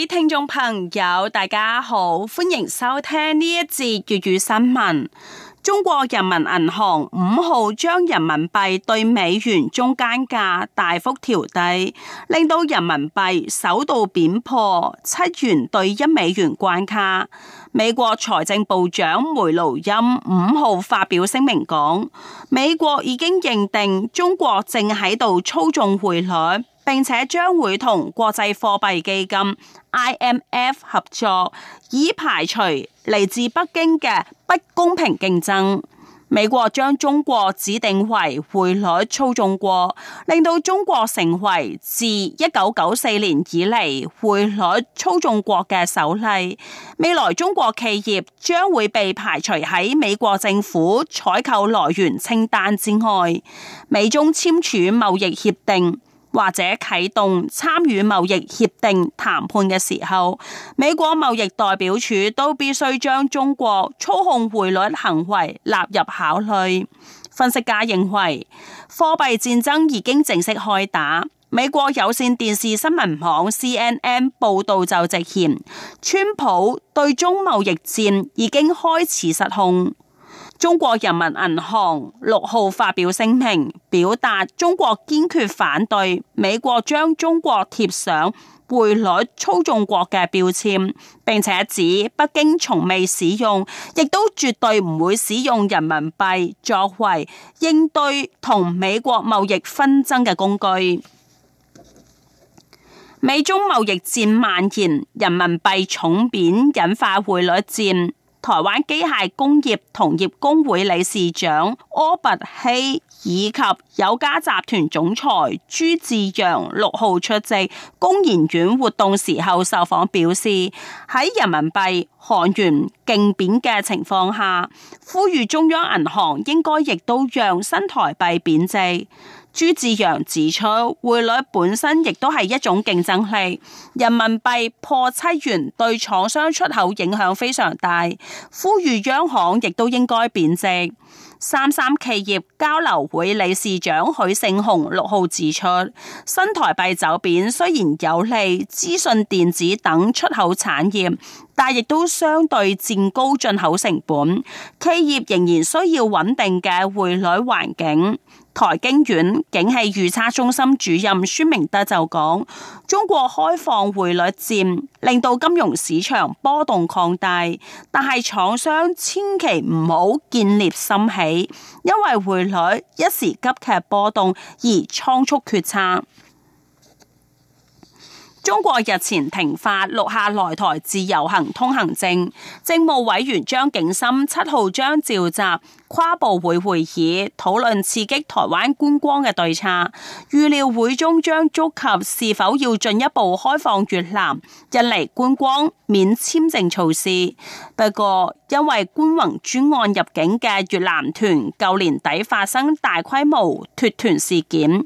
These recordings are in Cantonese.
各位聽眾朋友，大家好，歡迎收聽呢一節粵語新聞。中國人民銀行五號將人民幣對美元中間價大幅調低，令到人民幣首度貶破七元對一美元關卡。美國財政部長梅盧欽五號發表聲明講，美國已經認定中國正喺度操縱匯率。並且將會同國際貨幣基金 （IMF） 合作，以排除嚟自北京嘅不公平競爭。美國將中國指定為匯率操縱國，令到中國成為自一九九四年以來匯率操縱國嘅首例。未來中國企業將會被排除喺美國政府採購來源清單之外。美中簽署貿易協定。或者啟動參與貿易協定談判嘅時候，美國貿易代表處都必須將中國操控匯率行為納入考慮。分析家認為，貨幣戰爭已經正式開打。美國有線電視新聞網 C N N 報道就直言，川普對中貿易戰已經開始失控。中國人民銀行六號發表聲明，表達中國堅決反對美國將中國貼上匯率操縱國嘅標籤，並且指北京從未使用，亦都絕對唔會使用人民幣作為應對同美國貿易紛爭嘅工具。美中貿易戰蔓延，人民幣重貶，引發匯率戰。台灣機械工業同業公會理事長柯拔希以及友嘉集團總裁朱志揚六號出席工研院活動時候受訪表示，喺人民幣、韓元勁貶嘅情況下，呼籲中央銀行應該亦都讓新台幣貶值。朱志洋指出，匯率本身亦都係一種競爭力。人民幣破七元對廠商出口影響非常大，呼籲央,央行亦都應該貶值。三三企業交流會理事長許勝雄六號指出，新台幣走貶雖然有利資訊電子等出口產業，但亦都相對占高進口成本，企業仍然需要穩定嘅匯率環境。台經院景氣預測中心主任孫明德就講：中國開放匯率戰，令到金融市場波動擴大，但係廠商千祈唔好見獵心喜，因為匯率一時急劇波動而倉促決策。中國日前停發陸下來台自由行通行證，政務委員張景森七號將召集。跨部會會議討論刺激台灣觀光嘅對策，預料會中將觸及是否要進一步開放越南印尼觀光免簽證措施。不過，因為觀宏專案入境嘅越南團舊年底發生大規模脫團事件，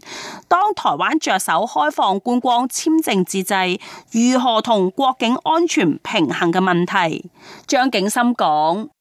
當台灣着手開放觀光簽證之際，如何同國境安全平衡嘅問題，張景森講。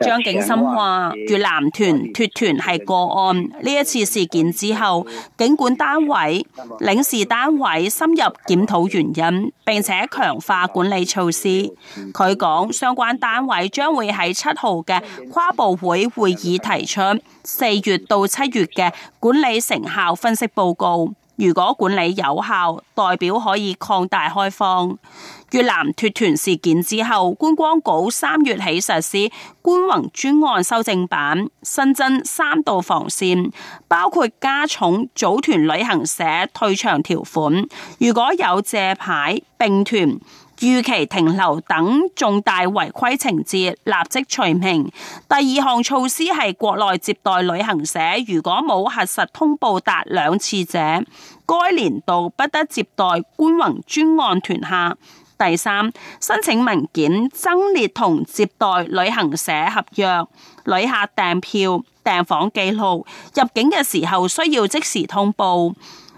張景森話：越南團脫團係個案，呢一次事件之後，警管單位、領事單位深入檢討原因，並且強化管理措施。佢講，相關單位將會喺七號嘅跨部會會議提出四月到七月嘅管理成效分析報告。如果管理有效，代表可以擴大開放。越南脫團事件之後，觀光局三月起實施觀宏專案修正版，新增三道防線，包括加重組團旅行社退場條款。如果有借牌併團、逾期停留等重大違規情節，立即除名。第二項措施係國內接待旅行社，如果冇核實通報達兩次者，該年度不得接待觀宏專案團客。第三，申請文件、增列同接待旅行社合約、旅客訂票、訂房記錄，入境嘅時候需要即時通報。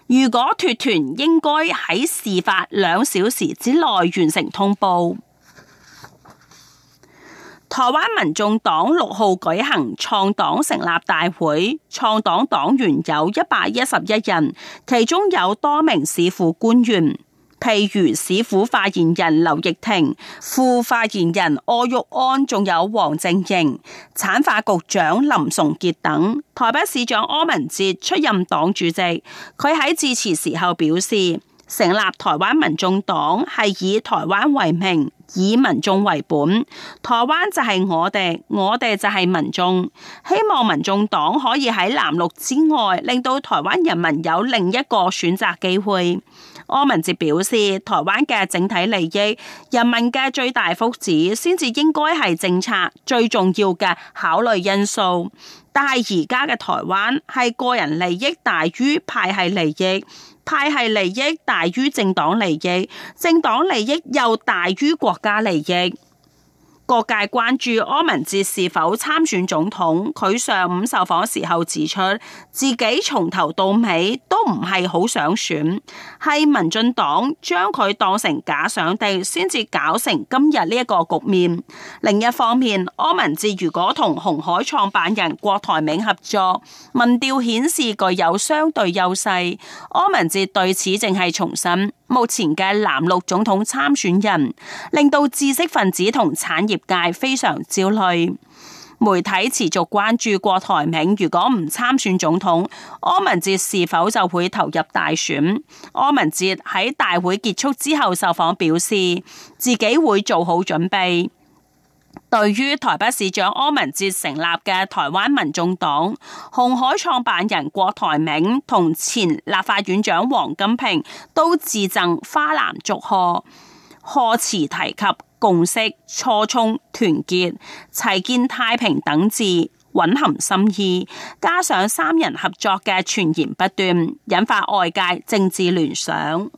如果脱團，應該喺事發兩小時之內完成通報。台灣民眾黨六號舉行創黨成立大會，創黨黨員有一百一十一人，其中有多名市府官員。譬如市府發言人劉奕霆、副發言人柯玉安，仲有黃瀞瑩、產發局長林崇傑等。台北市長柯文哲出任黨主席，佢喺致辭時候表示：成立台灣民眾黨係以台灣為名，以民眾為本。台灣就係我哋，我哋就係民眾。希望民眾黨可以喺藍綠之外，令到台灣人民有另一個選擇機會。柯文哲表示，台灣嘅整體利益、人民嘅最大福祉，先至應該係政策最重要嘅考慮因素。但係而家嘅台灣係個人利益大於派系利益，派系利益大於政黨利益，政黨利益又大於國家利益。各界關注柯文哲是否參選總統，佢上午受訪時候指出，自己從頭到尾都唔係好想選，係民進黨將佢當成假想敵，先至搞成今日呢一個局面。另一方面，柯文哲如果同鴻海創辦人郭台銘合作，民調顯示具有相對優勢。柯文哲對此淨係重申，目前嘅藍綠總統參選人令到知識分子同產業界非常焦慮。媒體持續關注郭台銘如果唔參選總統，柯文哲是否就會投入大選？柯文哲喺大會結束之後受訪表示，自己會做好準備。對於台北市長柯文哲成立嘅台灣民眾黨，鴻海創辦人郭台銘同前立法院長王金平都致贈花籃祝賀，賀詞提及。共識、初衷、團結、齊建太平等字蘊含深意，加上三人合作嘅傳言不斷，引發外界政治聯想。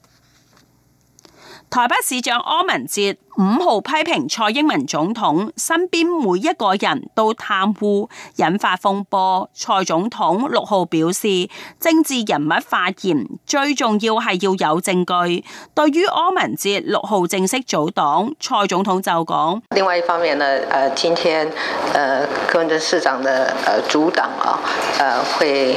台北市長柯文哲。五號批評蔡英文總統身邊每一個人都貪污，引發風波。蔡總統六號表示，政治人物發言最重要係要有證據。對於柯文哲六號正式組黨，蔡總統就講：另外一方面呢，誒，今天誒、呃，跟着市長嘅誒組黨啊，誒、呃，會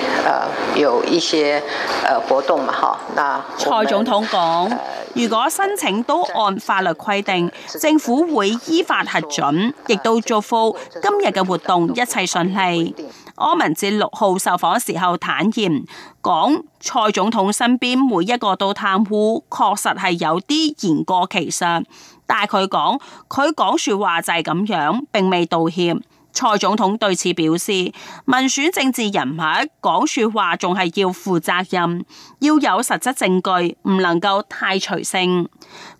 誒有一些誒活動嘛，哈。那蔡總統講，呃、如果申請都按法律規定。政府會依法核准，亦都祝福今日嘅活動一切順利。柯文哲六號受訪時候坦言，講蔡總統身邊每一個都貪污，確實係有啲言過其實，但係佢講佢講說話就係咁樣，並未道歉。蔡總統對此表示，民選政治人物講說話仲係要負責任，要有實質證據，唔能夠太隨性。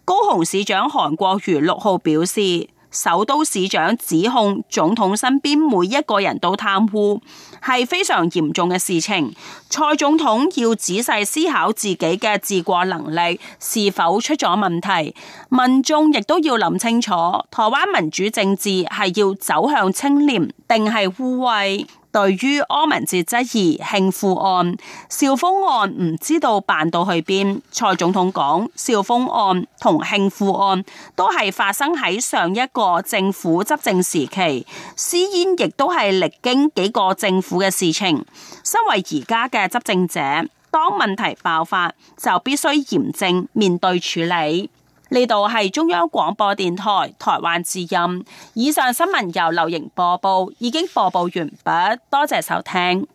高雄市長韓國瑜六號表示。首都市長指控總統身邊每一個人都貪污，係非常嚴重嘅事情。蔡總統要仔細思考自己嘅治國能力是否出咗問題，民眾亦都要諗清楚，台灣民主政治係要走向清廉定係污穢？對於柯文哲質疑慶富案、兆豐案唔知道辦到去邊，蔡總統講兆豐案同慶富案都係發生喺上一個政府執政時期，私煙亦都係歷經幾個政府嘅事情。身為而家嘅執政者，當問題爆發就必須嚴正面對處理。呢度係中央廣播電台台灣之音，以上新聞由流瑩播報，已經播報完畢，多謝收聽。